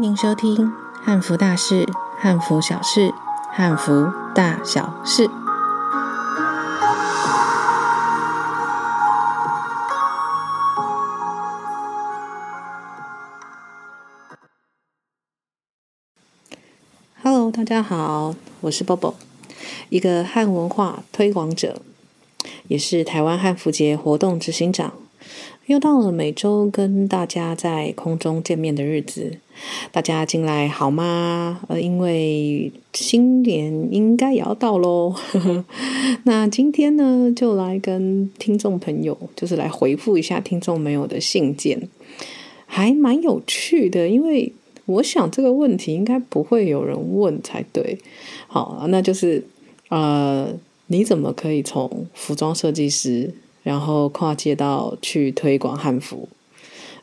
歡迎收聽《漢服大事、漢服小事、漢服大小事》。Hello，大家好，我是 Bobo，一個漢文化推廣者，也是台灣漢服節活動執行長。又到了每周跟大家在空中見面的日子。大家進來好嗎？呃，因為新年應該也要到嘍。 那今天呢，就來跟聽眾朋友，就是來回復一下聽眾朋友的信件，還蠻有趣的。因為我想這個問題應該不會有人問才對。好，那就是呃，你怎麼可以從服裝設計師，然後跨界到去推廣漢服？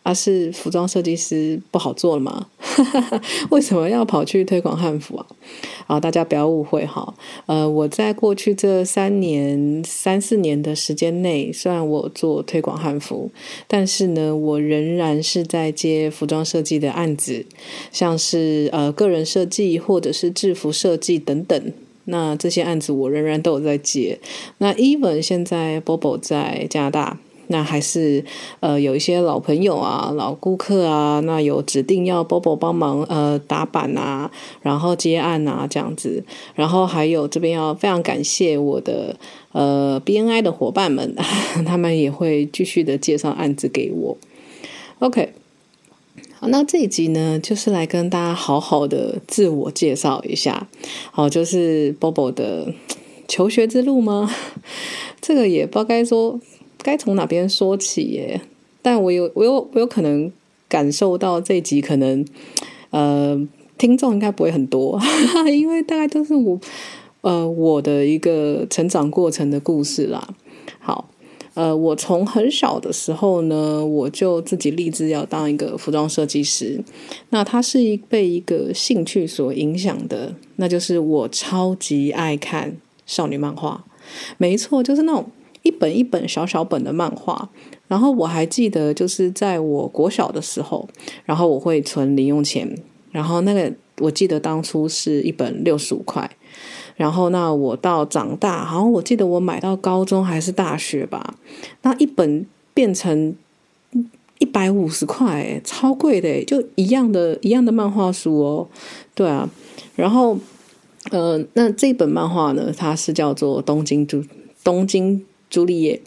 他、啊、是服裝設計師不好做了嗎？ 為什麼要跑去推廣漢服啊？啊，大家不要誤會哈。呃，我在過去這三年三四年的時間內，雖然我做推廣漢服，但是呢，我仍然是在接服裝設計的案子，像是呃個人設計或者是制服設計等等。那這些案子我仍然都有在接。那 Even 現在 Bobo 在加拿大。那還是呃有一些老朋友啊、老顧客啊，那有指定要 Bobo 幫忙呃打版啊，然後接案啊這樣子，然後還有這邊要非常感謝我的呃 BNI 的夥伴們，他們也會繼續的介紹案子給我。OK，好，那這一集呢，就是來跟大家好好的自我介紹一下，好，就是 Bobo 的求學之路嗎？這個也不該說。該從哪邊說起耶？但我有，我有，我有可能感受到這集可能，呃，聽眾應該不會很多，哈哈，因為大概就是我，呃，我的一個成長過程的故事啦。好，呃，我從很小的時候呢，我就自己立志要當一個服裝設計師。那它是一被一個興趣所影響的，那就是我超級愛看少女漫畫，沒錯，就是那種。一本一本小小本的漫畫，然後我還記得就是在我國小的時候，然後我會存零用錢，然後那個我記得當初是一本六十五塊，然後那我到長大，好像我記得我買到高中還是大學吧，那一本變成一百五十塊，超貴的，就一樣的一樣的漫畫書哦，對啊，然後呃，那這本漫畫呢，它是叫做《東京都東京》。朱麗葉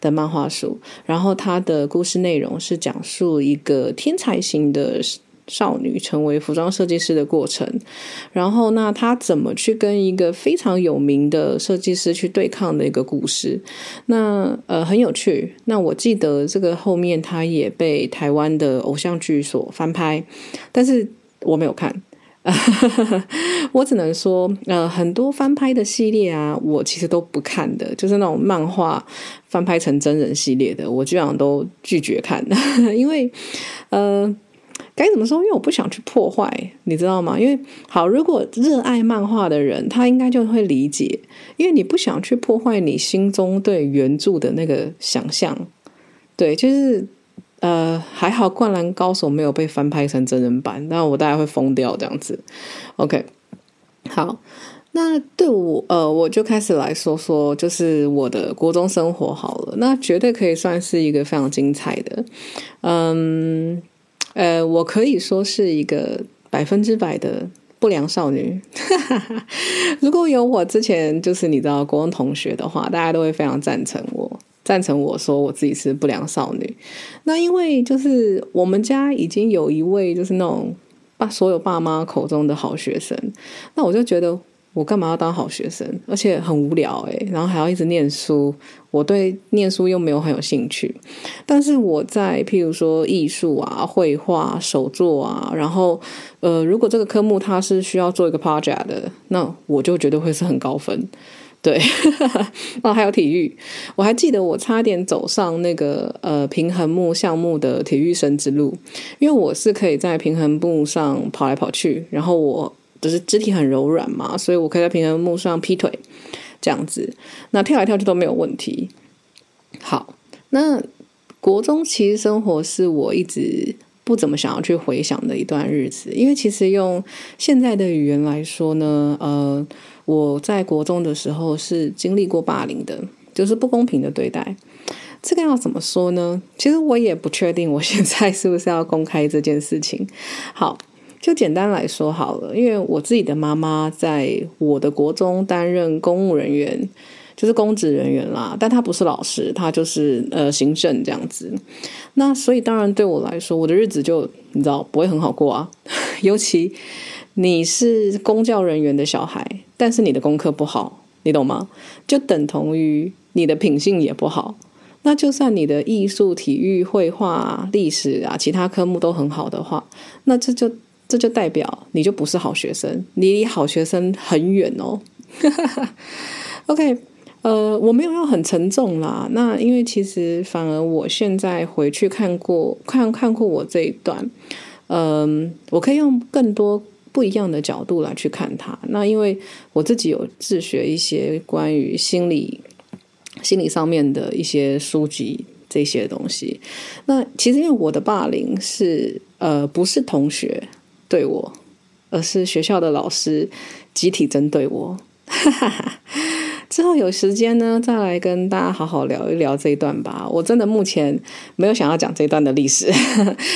的漫畫書，然後它的故事內容是講述一個天才型的少女成為服裝設計師的過程，然後那她怎麼去跟一個非常有名的設計師去對抗的一個故事，那呃，很有趣。那我記得這個後面她也被台灣的偶像劇所翻拍，但是我沒有看。 我只能說，呃，很多翻拍的系列啊，我其實都不看的，就是那種漫畫翻拍成真人系列的，我基本上都拒絕看，因為，呃，該怎麼說？因為我不想去破壞，你知道嗎？因為好，如果熱愛漫畫的人，他應該就會理解，因為你不想去破壞你心中對原著的那個想象，對，就是。呃，還好《灌籃高手》沒有被翻拍成真人版，那我大概會瘋掉這樣子。OK，好，那對我，呃，我就開始來說說，就是我的國中生活好了。那絕對可以算是一個非常精彩的，嗯，呃，我可以說是一個百分之百的不良少女。 如果有我之前就是你知道國中同學的話，大家都會非常贊成我。贊成我說我自己是不良少女，那因為就是我們家已經有一位就是那種把所有爸媽口中的好學生，那我就覺得我幹嘛要當好學生，而且很無聊哎、欸，然後還要一直念書，我對念書又沒有很有興趣，但是我在譬如說藝術啊、繪畫、手作啊，然後呃，如果這個科目它是需要做一個 project 的，那我就覺得會是很高分。對， 哦，還有體育，我還記得我差點走上那個呃平衡木項目的體育生之路，因為我是可以在平衡木上跑來跑去，然後我就是肢體很柔軟嘛，所以我可以在平衡木上劈腿，這樣子，那跳來跳去都沒有問題。好，那國中其實生活是我一直。不怎麼想要去回想的一段日子，因為其實用現在的語言來說呢，呃，我在國中的時候是經歷過霸凌的，就是不公平的對待。這個要怎麼說呢？其實我也不確定我現在是不是要公開這件事情。好，就簡單來說好了，因為我自己的媽媽在我的國中擔任公務人員。就是公職人員啦，但他不是老師，他就是呃行政這樣子。那所以當然對我來說，我的日子就你知道不會很好過啊。 尤其你是公教人員的小孩，但是你的功課不好，你懂嗎？就等同於你的品性也不好。那就算你的藝術、體育、繪畫、歷史啊，其他科目都很好的話，那這就這就代表你就不是好學生，你離好學生很遠哦。 OK。呃，我沒有要很沉重啦。那因為其實反而我現在回去看過，看看過我這一段，嗯、呃，我可以用更多不一樣的角度來去看他。那因為我自己有自學一些關於心理、心理上面的一些書籍這些東西。那其實因為我的霸凌是呃，不是同學對我，而是學校的老師集體針對我。哈哈哈。之後有時間呢，再來跟大家好好聊一聊這一段吧。我真的目前沒有想要講這一段的歷史，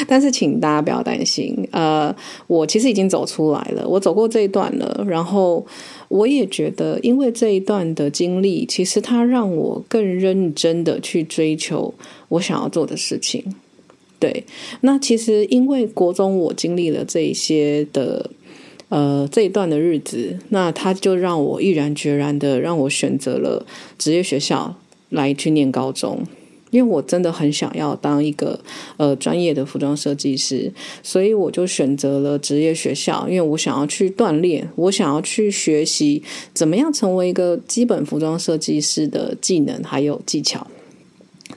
但是請大家不要擔心。呃，我其實已經走出來了，我走過這一段了。然後我也覺得，因為這一段的經歷，其實它讓我更認真的去追求我想要做的事情。對，那其實因為國中我經歷了這一些的。呃，這一段的日子，那他就讓我毅然決然的讓我選擇了職業學校來去念高中，因為我真的很想要當一個呃專業的服裝設計師，所以我就選擇了職業學校，因為我想要去鍛鍊，我想要去學習怎麼樣成為一個基本服裝設計師的技能還有技巧。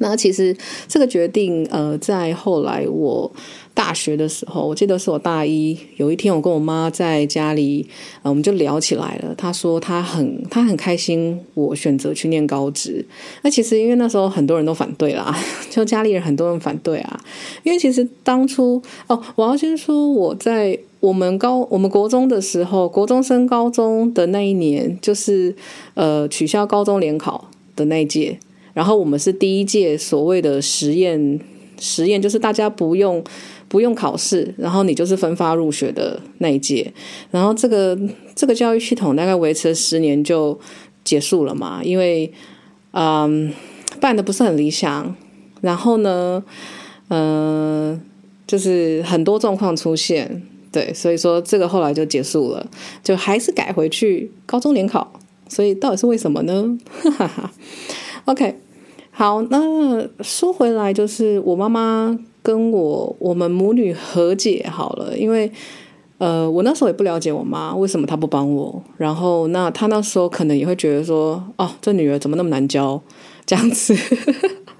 那其實這個決定，呃，在後來我大學的時候，我記得是我大一有一天，我跟我媽在家裡，呃，我們就聊起來了。她說她很她很開心我選擇去念高職。那其實因為那時候很多人都反對啦，就家裡人很多人反對啊。因為其實當初哦，我要先說我在我們高我們國中的時候，國中升高中的那一年，就是呃取消高中聯考的那一屆。然後我們是第一屆所謂的實驗，實驗就是大家不用不用考試，然後你就是分發入學的那一屆。然後這個這個教育系統大概維持了十年就結束了嘛，因為嗯、呃、辦的不是很理想。然後呢，嗯、呃，就是很多狀況出現，對，所以說這個後來就結束了，就還是改回去高中聯考。所以到底是為什麼呢？哈哈哈。OK，好，那說回來就是我媽媽跟我，我們母女和解好了，因為呃，我那時候也不了解我媽為什麼她不幫我，然後那她那時候可能也會覺得說，哦，這女兒怎麼那麼難教這樣子，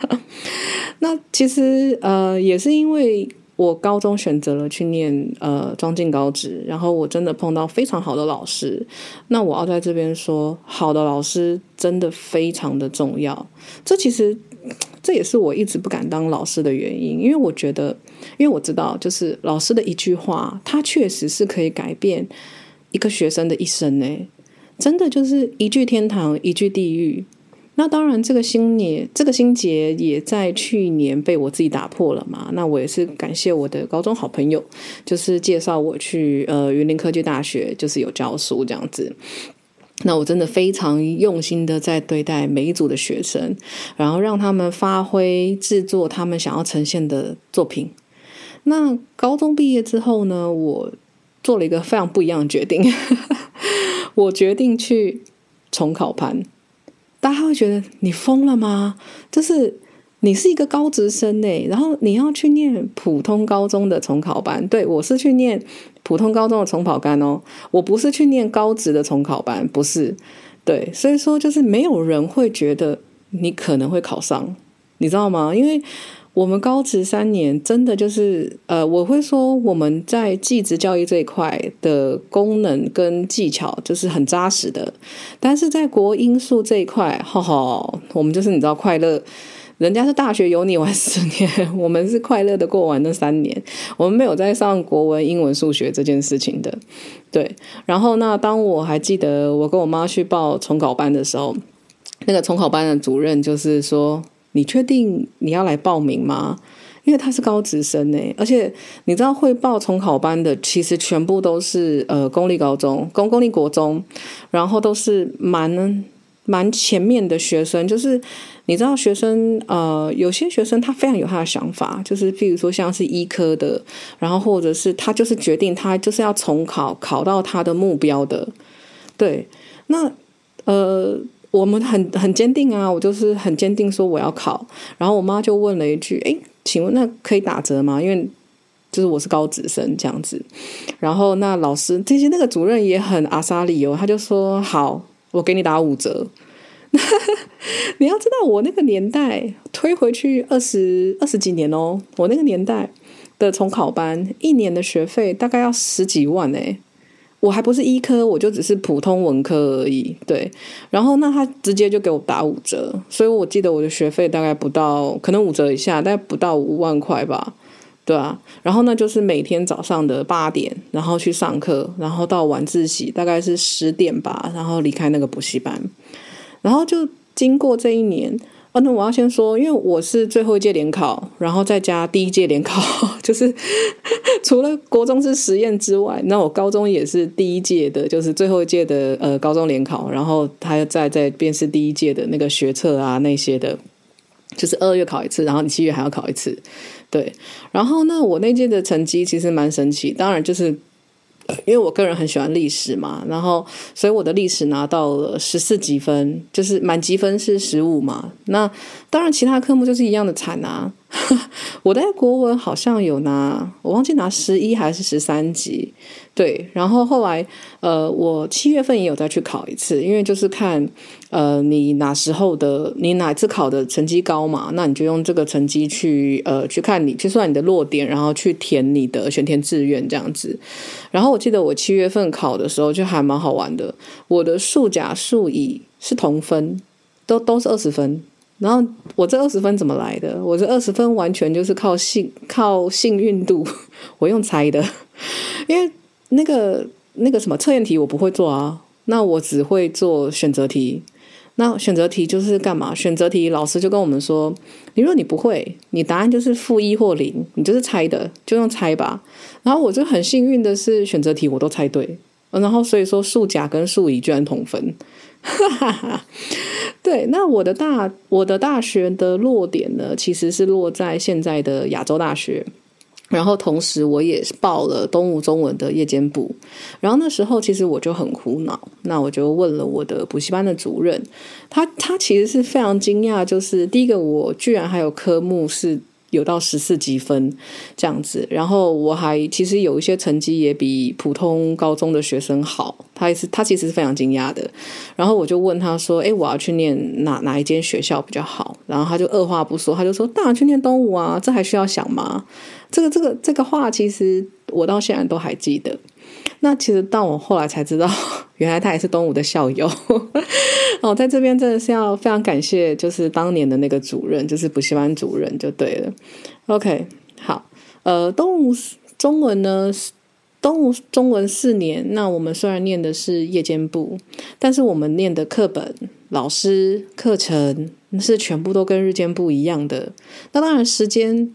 那其實呃也是因為。我高中選擇了去念呃莊敬高職，然後我真的碰到非常好的老師。那我要在這邊說，好的老師真的非常的重要。這其實這也是我一直不敢當老師的原因，因為我覺得，因為我知道，就是老師的一句話，他確實是可以改變一個學生的一生誒，真的就是一句天堂，一句地獄。那當然這新，這個心結，這個心結也在去年被我自己打破了嘛。那我也是感謝我的高中好朋友，就是介紹我去呃，雲林科技大學，就是有教書這樣子。那我真的非常用心的在對待每一組的學生，然後讓他們發揮製作他們想要呈現的作品。那高中畢業之後呢，我做了一個非常不一樣的決定， 我決定去重考班。大家會覺得你瘋了嗎？就是你是一個高職生誒、欸，然後你要去念普通高中的重考班。對，我是去念普通高中的重考班哦，我不是去念高職的重考班，不是。對，所以說就是沒有人會覺得你可能會考上，你知道嗎？因為。我們高職三年真的就是，呃，我會說我們在技職教育這一塊的功能跟技巧就是很扎實的，但是在國英數這一塊，哈、哦、哈、哦，我們就是你知道快樂，人家是大學有你玩十年，我們是快樂的過完那三年，我們沒有在上國文、英文、數學這件事情的。對，然後那當我還記得我跟我媽去報重考班的時候，那個重考班的主任就是說。你確定你要來報名嗎？因為他是高職生誒，而且你知道會報重考班的，其實全部都是呃公立高中、公公立國中，然後都是蠻蠻前面的學生。就是你知道學生呃，有些學生他非常有他的想法，就是譬如說像是醫科的，然後或者是他就是決定他就是要重考，考到他的目標的。對，那呃。我們很很堅定啊，我就是很堅定說我要考，然後我媽就問了一句：“哎，請問那可以打折嗎？”因為就是我是高職生這樣子，然後那老師其實那個主任也很阿莎力哦，他就說：“好，我給你打五折。 ”你要知道我那個年代推回去二十二十幾年哦，我那個年代的重考班一年的學費大概要十幾萬誒、哎我還不是醫科，我就只是普通文科而已，對。然後那他直接就給我打五折，所以我記得我的學費大概不到，可能五折以下，但不到五萬塊吧，對啊，然後那就是每天早上的八點，然後去上課，然後到晚自習大概是十點吧，然後離開那個補習班。然後就經過這一年，啊，那我要先說，因為我是最後一屆聯考，然後再加第一屆聯考。就是除了國中是實驗之外，那我高中也是第一屆的，就是最後一屆的呃高中聯考，然後他在在便是第一屆的那個學測啊那些的，就是二月考一次，然後你七月還要考一次，對。然後呢我那屆的成績其實蠻神奇，當然就是、呃、因為我個人很喜歡歷史嘛，然後所以我的歷史拿到了十四級分，就是滿級分是十五嘛，那當然其他科目就是一樣的慘啊。 我在國文好像有拿，我忘記拿十一還是十三級，對，然後後來呃，我七月份也有再去考一次，因為就是看呃你哪時候的，你哪次考的成績高嘛，那你就用這個成績去呃去看你去算你的落點，然後去填你的選填志願這樣子。然後我記得我七月份考的時候就還蠻好玩的，我的數甲數乙是同分，都都是二十分。然後我這二十分怎麼來的？我這二十分完全就是靠幸靠幸運度，我用猜的，因為那個那個什麼測驗題我不會做啊，那我只會做選擇題。那選擇題就是幹嘛？選擇題老師就跟我們說，你說你不會，你答案就是負一或零，你就是猜的，就用猜吧。然後我就很幸運的是選擇題我都猜對，然後所以說數甲跟數乙居然同分。哈哈哈， 對，那我的大我的大學的落點呢，其實是落在現在的亞洲大學，然後同時我也報了東吳中文的夜間部，然後那時候其實我就很苦惱，那我就問了我的補習班的主任，他他其實是非常驚訝，就是第一個我居然還有科目是。有到十四級分這樣子，然後我還其實有一些成績也比普通高中的學生好，他也是他其實是非常驚訝的。然後我就問他說：“誒，我要去念哪哪一間學校比較好？”然後他就二話不說，他就說：“當然去念東吳啊，這還需要想嗎？”這個這個這個話其實我到現在都還記得。那其實到我後來才知道。原來他也是東吳的校友， 哦，在這邊真的是要非常感謝，就是當年的那個主任，就是補習班主任就對了。OK，好，呃，東吳中文呢，東吳中文四年，那我們雖然念的是夜間部，但是我們念的課本、老師、課程是全部都跟日間部一樣的。那當然時間。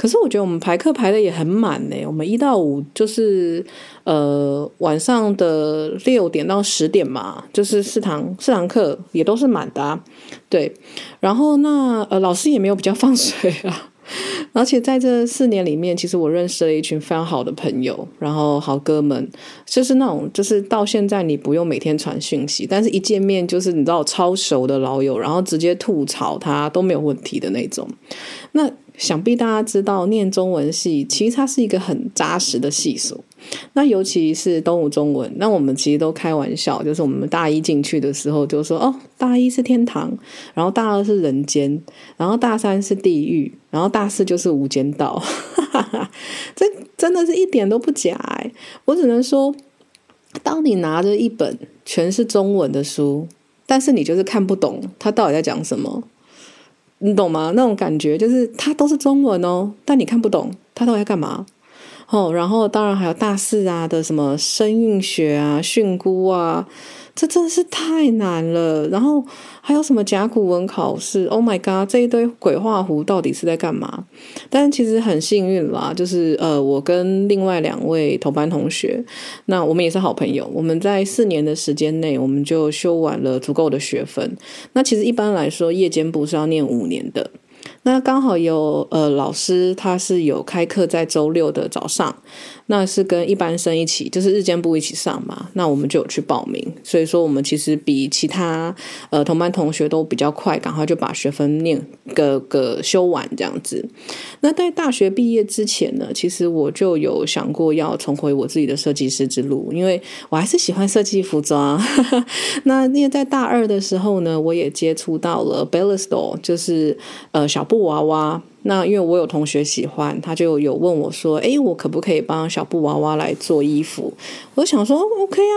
可是我覺得我們排課排的也很滿嘞，我們一到五就是呃晚上的六點到十點嘛，就是四堂四堂課也都是滿的，啊，對。然後那呃老師也沒有比較放水啊， 而且在這四年裡面，其實我認識了一群非常好的朋友，然後好哥們，就是那種就是到現在你不用每天傳訊息，但是一見面就是你知道我超熟的老友，然後直接吐槽他都沒有問題的那種，那。想必大家知道，念中文系其實它是一個很扎實的系所。那尤其是東吳中文，那我們其實都開玩笑，就是我們大一進去的時候就說，哦，大一是天堂，然後大二是人間，然後大三是地獄，然後大四就是無間道。哈哈哈，這真的是一點都不假哎、欸！我只能說，當你拿着一本全是中文的書，但是你就是看不懂它到底在講什麼。你懂嗎？那種感覺就是，它都是中文哦，但你看不懂，它到底要幹嘛？哦，然後當然還有大四啊的什麼聲韻學啊、訓詁啊，這真是太難了。然後還有什麼甲骨文考試？Oh my god，這一堆鬼畫符到底是在幹嘛？但是其實很幸運啦，就是呃，我跟另外兩位同班同學，那我們也是好朋友。我們在四年的時間內，我們就修完了足夠的學分。那其實一般來說，夜間部是要念五年的。那剛好有呃老師，他是有開課在周六的早上，那是跟一般生一起，就是日間部一起上嘛。那我們就有去報名，所以說我們其實比其他呃同班同學都比較快，趕快就把學分念個個修完這樣子。那在大學畢業之前呢，其實我就有想過要重回我自己的設計師之路，因為我還是喜歡設計服裝。 那因為在大二的時候呢，我也接觸到了 Bellastore 就是呃小布娃娃，那因為我有同學喜歡，他就有問我說：“誒，我可不可以幫小布娃娃來做衣服？”我想說：“OK 啊，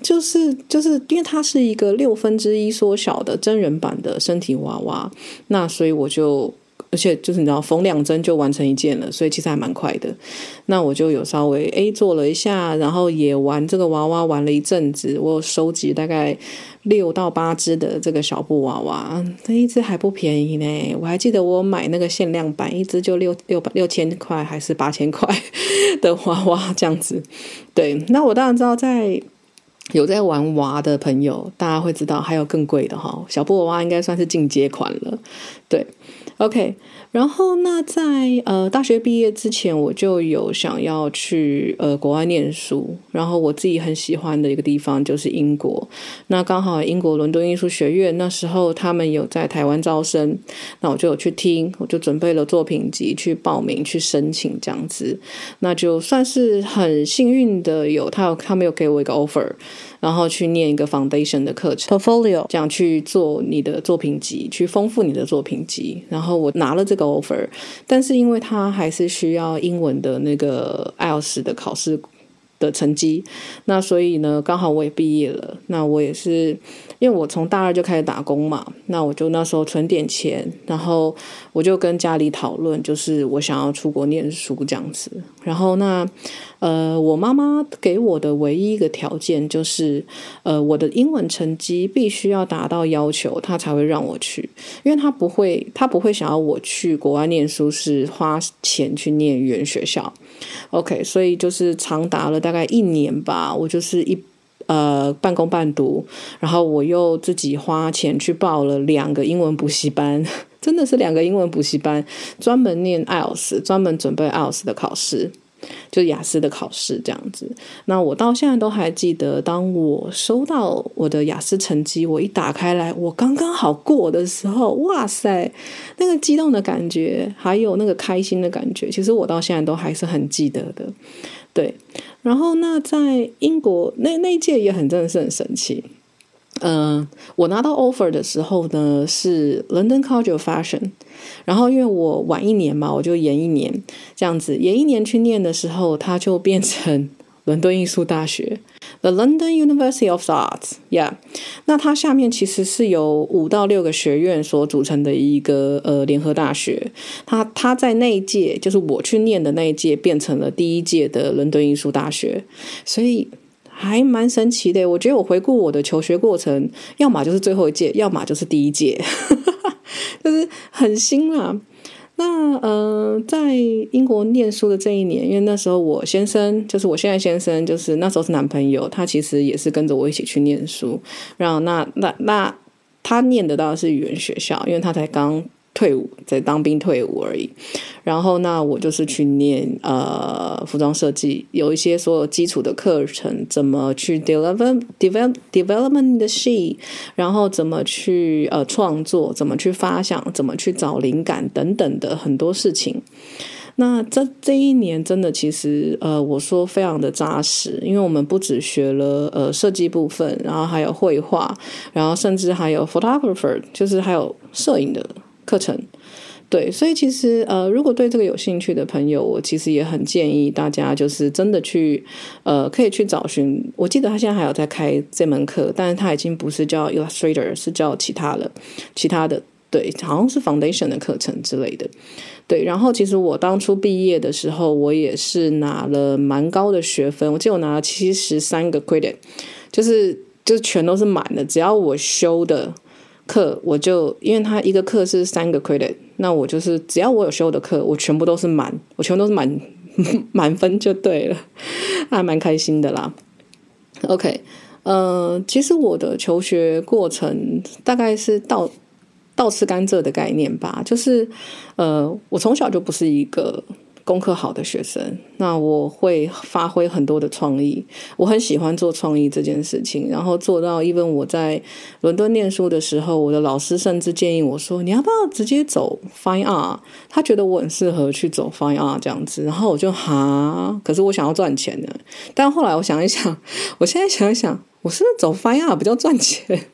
就是就是，因為它是一個六分之一縮小的真人版的身體娃娃，那所以我就。”而且就是你知道縫兩針就完成一件了，所以其實還蠻快的。那我就有稍微誒做了一下，然後也玩這個娃娃玩了一陣子。我有收集大概六到八隻的這個小布娃娃，那一隻還不便宜呢。我還記得我買那個限量版，一隻就六六百六千塊還是八千塊的娃娃這樣子。對，那我當然知道在，在有在玩娃的朋友，大家會知道還有更貴的哈。小布娃娃應該算是進階款了，對。OK，然後那在呃大學畢業之前，我就有想要去呃國外念書，然後我自己很喜歡的一個地方就是英國，那剛好英國倫敦藝術學院那時候他們有在台灣招生，那我就有去聽，我就準備了作品集去報名去申請這樣子，那就算是很幸運的，有他有他沒有給我一個 offer。然後去念一個 foundation 的課程，portfolio 這樣去做你的作品集，去豐富你的作品集。然後我拿了這個 offer，但是因為它還是需要英文的那個 IELTS 的考試的成績，那所以呢，剛好我也畢業了，那我也是。因為我從大二就開始打工嘛，那我就那時候存點錢，然後我就跟家裡討論，就是我想要出國念書這樣子。然後那，呃，我媽媽給我的唯一一個條件就是，呃，我的英文成績必須要達到要求，她才會讓我去。因為她不會，她不會想要我去國外念書是花錢去念語言學校。OK，所以就是長達了大概一年吧，我就是一。呃，半工半讀，然後我又自己花錢去報了兩個英文補習班，真的是兩個英文補習班，專門念 IELTS，專門準備 IELTS 的考試，就是雅思的考試這樣子。那我到現在都還記得，當我收到我的雅思成績，我一打開來，我剛剛好過的時候，哇塞，那個激動的感覺，還有那個開心的感覺，其實我到現在都還是很記得的，對。然後，那在英國那那一屆也很正式，很神奇。嗯、呃，我拿到 offer 的時候呢，是 London College of Fashion。然後因為我晚一年嘛，我就延一年這樣子，延一年去念的時候，它就變成。倫敦藝術大學，The London University of Arts，yeah，那它下面其實是由五到六個學院所組成的一個呃聯合大學，它它在那一屆就是我去念的那一屆變成了第一屆的倫敦藝術大學，所以還蠻神奇的。我覺得我回顧我的求學過程，要麼就是最後一屆，要麼就是第一屆， 就是很新啦。那呃，在英國念書的這一年，因為那時候我先生，就是我現在先生，就是那時候是男朋友，他其實也是跟着我一起去念書。然後那那那他念的倒是語言學校，因為他才剛退伍，在當兵退伍而已。然後，那我就是去念呃服裝設計，有一些所有基礎的課程，怎麼去 de de develop develop development 的戲，然後怎麼去呃創作，怎麼去發想，怎麼去找靈感等等的很多事情。那這這一年真的其實呃，我說非常的扎實，因為我們不止學了呃設計部分，然後還有繪畫，然後甚至還有 photographer，就是還有攝影的。課程，對，所以其實呃，如果對這個有興趣的朋友，我其實也很建議大家，就是真的去，呃，可以去找尋。我記得他現在還有在開這門課，但是他已經不是叫 Illustrator，是叫其他了，其他的，對，好像是 Foundation 的課程之類的。對，然後其實我當初畢業的時候，我也是拿了蠻高的學分，我記得我拿了七十三個 credit，就是就是全都是滿的，只要我修的。課我就，因為他一個課是三個 credit，那我就是只要我有修的課，我全部都是滿，我全部都是滿呵呵滿分就對了，還蠻開心的啦。OK，呃，其實我的求學過程大概是倒倒吃甘蔗的概念吧，就是呃，我從小就不是一個。功課好的學生，那我會發揮很多的創意。我很喜歡做創意這件事情，然後做到，因為我在倫敦念書的時候，我的老師甚至建議我說：“你要不要直接走 f i n r 他覺得我很適合去走 f i n r 這樣子。然後我就哈。可是我想要賺錢的。但後來我想一想，我現在想一想，我是，不是走 Fine r 比較賺錢，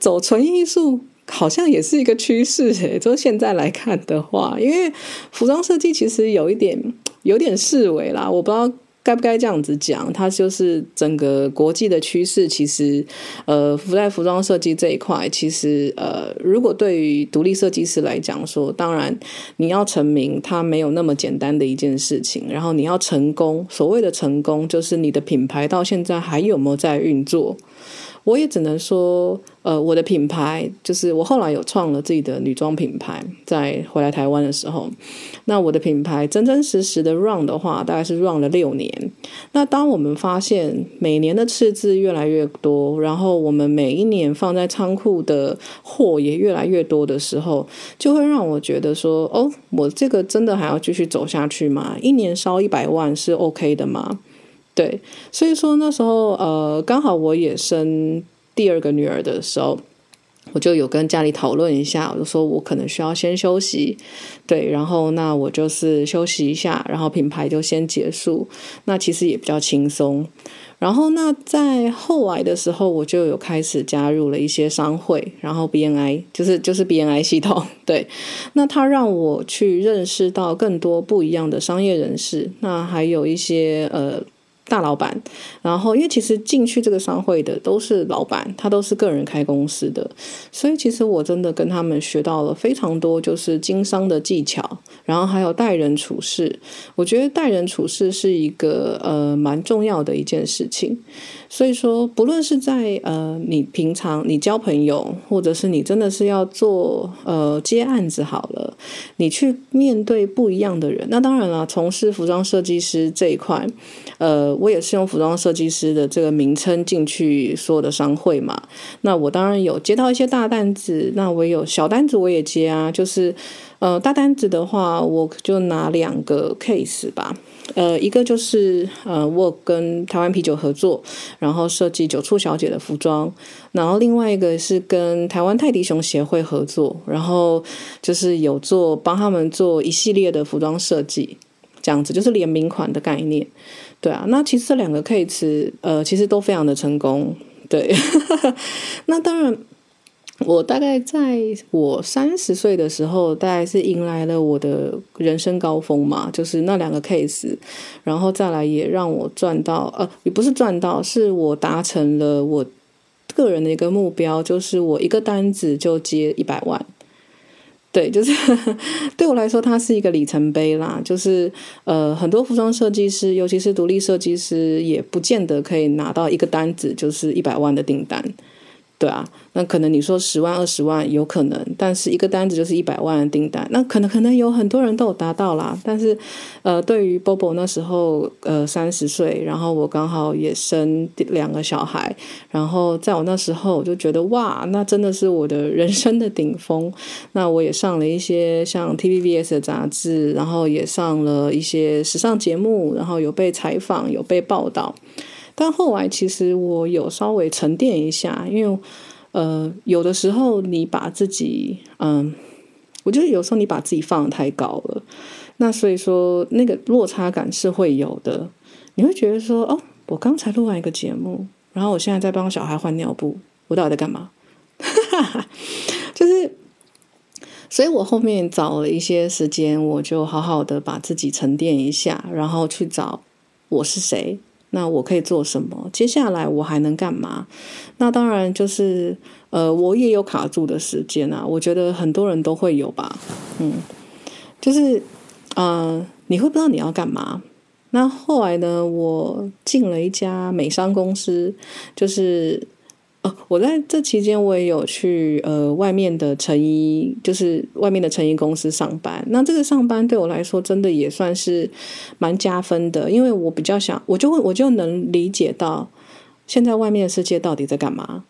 走純藝術。好像也是一個趨勢誒，就現在來看的話，因為服裝設計其實有一點有點式微啦，我不知道該不該這樣子講。它就是整個國際的趨勢，其實呃，在服裝設計這一塊，其實呃，如果對於獨立設計師來講說，當然你要成名，它沒有那麼簡單的一件事情。然後你要成功，所謂的成功，就是你的品牌到現在還有沒有在運作。我也只能說。呃，我的品牌就是我後來有創了自己的女裝品牌，在回來台灣的時候，那我的品牌真真實實的 run 的話，大概是 run 了六年。那當我們發現每年的赤字越來越多，然後我們每一年放在倉庫的貨也越來越多的時候，就會讓我覺得說，哦，我這個真的還要繼續走下去嗎？一年燒一百萬是 OK 的嗎？對，所以說那時候，呃，剛好我也生，第二個女兒的時候，我就有跟家裡討論一下，我就說我可能需要先休息，對，然後那我就是休息一下，然後品牌就先結束，那其實也比較輕鬆。然後那在後來的時候，我就有開始加入了一些商會，然後 BNI 就是就是 BNI 系統，對，那他讓我去認識到更多不一樣的商業人士，那還有一些呃。大老闆，然後因為其實進去這個商會的都是老闆，他都是個人開公司的，所以其實我真的跟他們學到了非常多，就是經商的技巧，然後還有待人處事。我覺得待人處事是一個呃蠻重要的一件事情。所以說，不論是在呃，你平常你交朋友，或者是你真的是要做呃接案子好了，你去面對不一樣的人。那當然啦，從事服裝設計師這一塊，呃，我也是用服裝設計師的這個名稱進去所有的商會嘛。那我當然有接到一些大單子，那我也有小單子我也接啊。就是呃，大單子的話，我就拿兩個 case 吧。呃，一個就是呃，我跟台灣啤酒合作，然後設計酒促小姐的服裝，然後另外一個是跟台灣泰迪熊協會合作，然後就是有做幫他們做一系列的服裝設計，這樣子就是聯名款的概念，對啊，那其實這兩個 case 呃，其實都非常的成功，對， 那當然。我大概在我三十歲的時候，大概是迎來了我的人生高峰嘛，就是那兩個 case，然後再來也讓我賺到，呃，也不是賺到，是我達成了我個人的一個目標，就是我一個單子就接一百萬，對，就是 對我來說，它是一個里程碑啦，就是呃，很多服裝設計師，尤其是獨立設計師，也不見得可以拿到一個單子就是一百萬的訂單。對啊，那可能你說十萬二十萬有可能，但是一個單子就是一百萬的訂單，那可能可能有很多人都有達到啦。但是，呃，對於 Bobo 那時候，呃，三十歲，然後我剛好也生兩個小孩，然後在我那時候，我就覺得哇，那真的是我的人生的頂峰。那我也上了一些像 TVBS 的雜誌，然後也上了一些時尚節目，然後有被採訪，有被報道。但後來其實我有稍微沉澱一下，因為呃，有的時候你把自己嗯、呃，我覺得有時候你把自己放得太高了，那所以說那個落差感是會有的。你會覺得說，哦，我剛才錄完一個節目，然後我現在在幫小孩換尿布，我到底在幹嘛？哈哈哈，就是，所以我後面找了一些時間，我就好好的把自己沉澱一下，然後去找我是誰。那我可以做什麼？接下來我還能幹嘛？那當然就是，呃，我也有卡住的時間啊。我覺得很多人都會有吧，嗯，就是，呃，你會不知道你要幹嘛。那後來呢，我進了一家美商公司，就是。哦，我在這期間，我也有去呃，外面的成衣，就是外面的成衣公司上班。那這個上班對我來說真的也算是蠻加分的，因為我比較想，我就會我就能理解到現在外面的世界到底在幹嘛。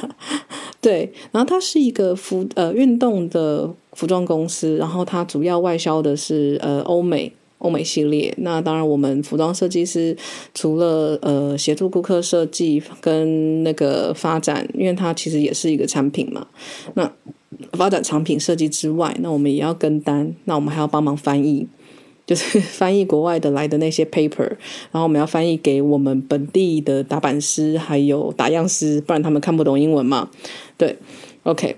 對，然後它是一個服，呃，運動的服裝公司，然後它主要外銷的是呃歐美。歐美系列，那當然我們服裝設計師除了呃協助顧客設計跟那個發展，因為它其實也是一個產品嘛，那發展產品設計之外，那我們也要跟單，那我們還要幫忙翻譯，就是翻譯國外的來的那些 paper，然後我們要翻譯給我們本地的打版師還有打樣師，不然他們看不懂英文嘛，對，OK。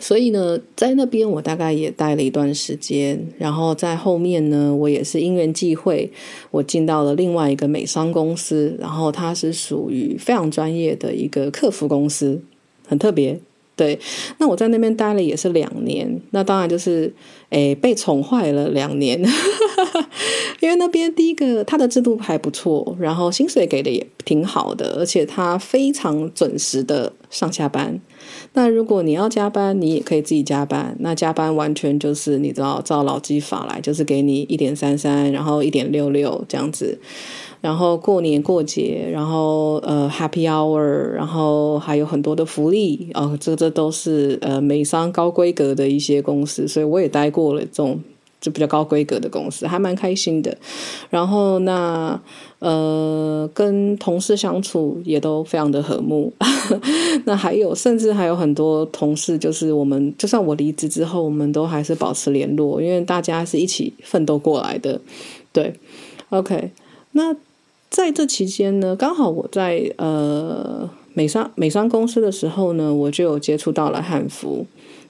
所以呢，在那邊我大概也待了一段時間，然後在後面呢，我也是因緣際會，我進到了另外一個美商公司，然後它是屬於非常專業的一個客服公司，很特別。對，那我在那邊待了也是兩年，那當然就是誒、欸、被寵壞了兩年， 因為那邊第一個他的制度還不錯，然後薪水給的也挺好的，而且他非常準時的上下班。那如果你要加班，你也可以自己加班。那加班完全就是你知道照勞基法來，就是給你一點三三，然後一點六六這樣子。然後過年過節，然後呃 Happy Hour，然後還有很多的福利哦。這這都是呃美商高規格的一些公司，所以我也待過了這種。就比較高規格的公司，還蠻開心的。然後那呃，跟同事相處也都非常的和睦。 那還有，甚至還有很多同事，就是我們就算我離職之後，我們都還是保持聯絡，因為大家是一起奮鬥過來的。對，OK。那在這期間呢，剛好我在呃美商美商公司的時候呢，我就有接觸到了漢服。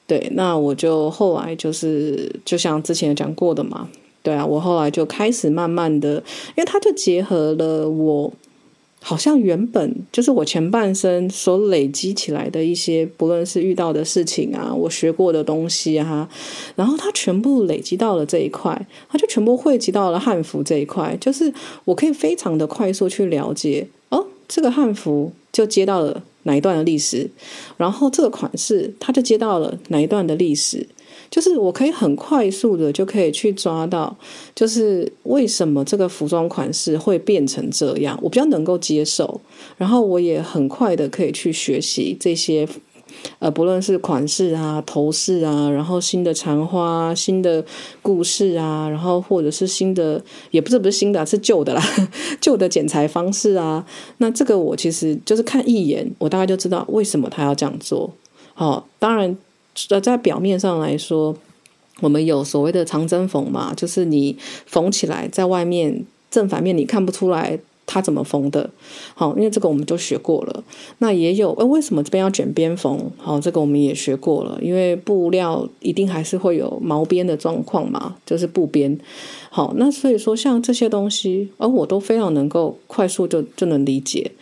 對，那我就後來就是就像之前講過的嘛，對啊，我後來就開始慢慢的，因為它就結合了我好像原本就是我前半生所累積起來的一些，不論是遇到的事情啊，我學過的東西啊，然後它全部累積到了這一塊，它就全部匯集到了漢服這一塊，就是我可以非常的快速去了解哦，這個漢服就接到了，哪一段的歷史，然後這個款式，他就接到了哪一段的歷史，就是我可以很快速的就可以去抓到，就是為什麼這個服裝款式會變成這樣，我比較能夠接受，然後我也很快的可以去學習這些。呃，不論是款式啊、頭飾啊，然後新的纏花、新的故事啊，然後或者是新的，也不是不是新的、啊，是舊的啦， 舊的剪裁方式啊，那這個我其實就是看一眼，我大概就知道為什麼他要這樣做。好、哦，當然呃，在表面上來說，我們有所謂的藏針縫嘛，就是你縫起來，在外面正反面你看不出來。他怎麼縫的？好，因為這個我們都學過了。那也有，誒，為什麼這邊要捲邊縫？好，這個我們也學過了。因為布料一定還是會有毛邊的狀況嘛，就是布邊。好，那所以說像這些東西，而、呃、我都非常能夠快速就就能理解。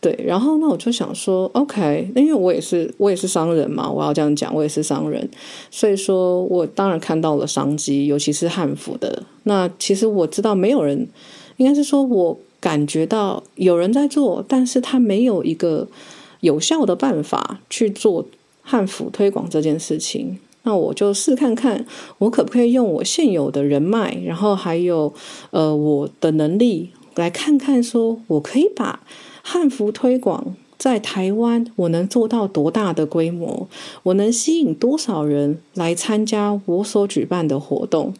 對，然後那我就想說，OK，因為我也是我也是商人嘛，我要這樣講，我也是商人，所以說，我當然看到了商機，尤其是漢服的。那其實我知道沒有人，應該是說我。感覺到有人在做，但是他沒有一個有效的辦法去做漢服推廣這件事情。那我就試看看，我可不可以用我現有的人脈，然後還有呃我的能力，來看看說我可以把漢服推廣在台灣，我能做到多大的規模？我能吸引多少人來參加我所舉辦的活動？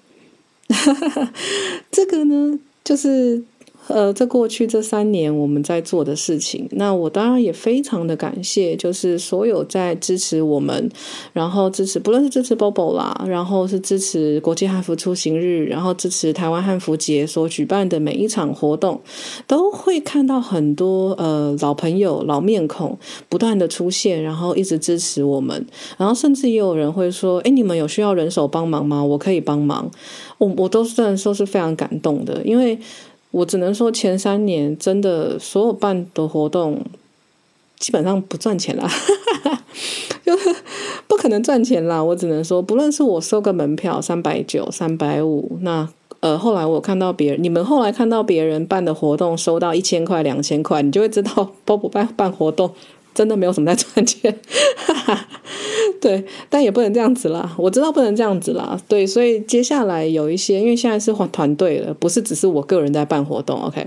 這個呢，就是。呃，在過去這三年，我們在做的事情，那我當然也非常的感謝，就是所有在支持我們，然後支持不論是支持 Bobo 啦，然後是支持國際漢服出行日，然後支持台灣漢服節所舉辦的每一場活動，都會看到很多呃老朋友、老面孔不斷的出現，然後一直支持我們，然後甚至也有人會說：“誒，你們有需要人手幫忙嗎？我可以幫忙。我”我我都是這樣說是非常感動的，因為。我只能說，前三年真的所有辦的活動基本上不賺錢啦 就不可能賺錢啦。我只能說，不論是我收個門票三百九、三百五，那呃，後來我看到別人，你們後來看到別人辦的活動收到一千塊、兩千塊，你就會知道 Bobo 辦辦活動。真的沒有什麼在賺錢，哈哈，對，但也不能這樣子啦。我知道不能這樣子啦，對，所以接下來有一些，因為現在是團團隊了，不是只是我個人在辦活動，OK，OK，、okay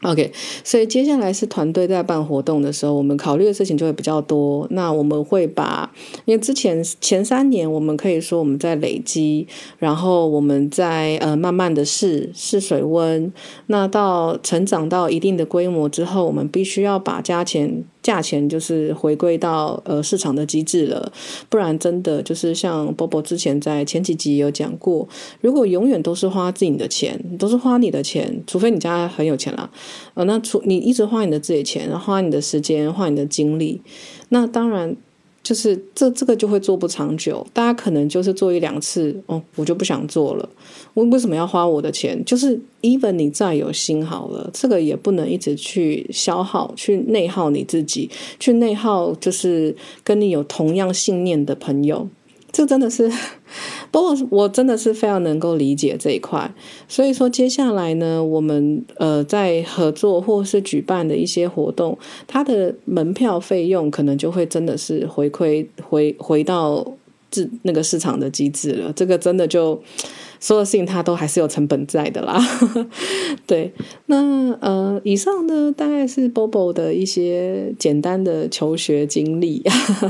okay, 所以接下來是團隊在辦活動的時候，我們考慮的事情就會比較多。那我們會把，因為之前前三年我們可以說我們在累積，然後我們在呃慢慢的試試水溫，那到成長到一定的規模之後，我們必須要把價錢。價錢就是回歸到呃市場的機制了，不然真的就是像 Bobo 之前在前幾集有講過，如果永遠都是花自己的錢，都是花你的錢，除非你家很有錢啦，呃，那除你一直花你的自己的錢，花你的時間，花你的精力，那當然。就是，這這個就會做不長久，大家可能就是做一兩次，哦，我就不想做了。我為什麼要花我的錢？就是，even 你再有心好了，這個也不能一直去消耗、去內耗你自己，去內耗就是跟你有同樣信念的朋友，這真的是。不過我真的是非常能夠理解這一塊，所以說接下來呢，我們呃在合作或是舉辦的一些活動，它的門票費用可能就會真的是回饋回回到自那個市場的機制了，這個真的就。所有事情他都還是有成本在的啦， 對，那呃，以上呢大概是 Bobo 的一些簡單的求學經歷。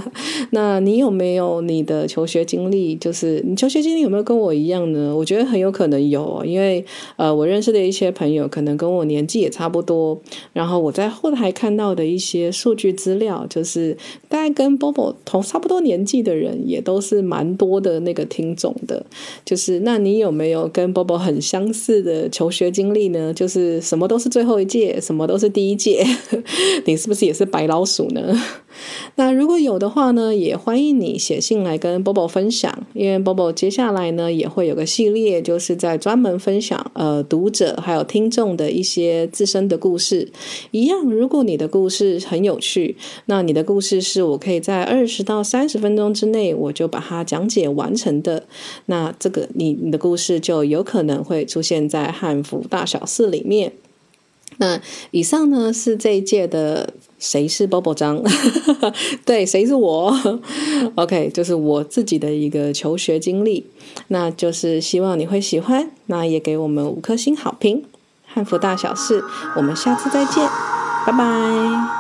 那你有沒有你的求學經歷？就是你求學經歷有沒有跟我一樣呢？我覺得很有可能有，因為呃，我認識的一些朋友可能跟我年紀也差不多。然後我在後台看到的一些數據資料，就是大概跟 Bobo 同差不多年紀的人，也都是蠻多的那個聽眾的，就是那你。你有沒有跟 Bobo 很相似的求學經歷呢？就是什麼都是最後一屆，什麼都是第一屆， 你是不是也是白老鼠呢？那如果有的話呢，也歡迎你寫信來跟 Bobo 分享，因為 Bobo 接下來呢也會有個系列，就是在專門分享呃讀者還有聽眾的一些自身的故事。一樣，如果你的故事很有趣，那你的故事是我可以在二十到三十分鐘之內我就把它講解完成的，那這個你你的故事就有可能會出現在漢服大小事裡面。那以上呢是這一屆的。誰是 Bobo 張。 對，誰是我 ？OK，就是我自己的一個求學經歷，那就是希望你會喜歡，那也給我們五顆星好評。漢服大小事，我們下次再見，拜拜。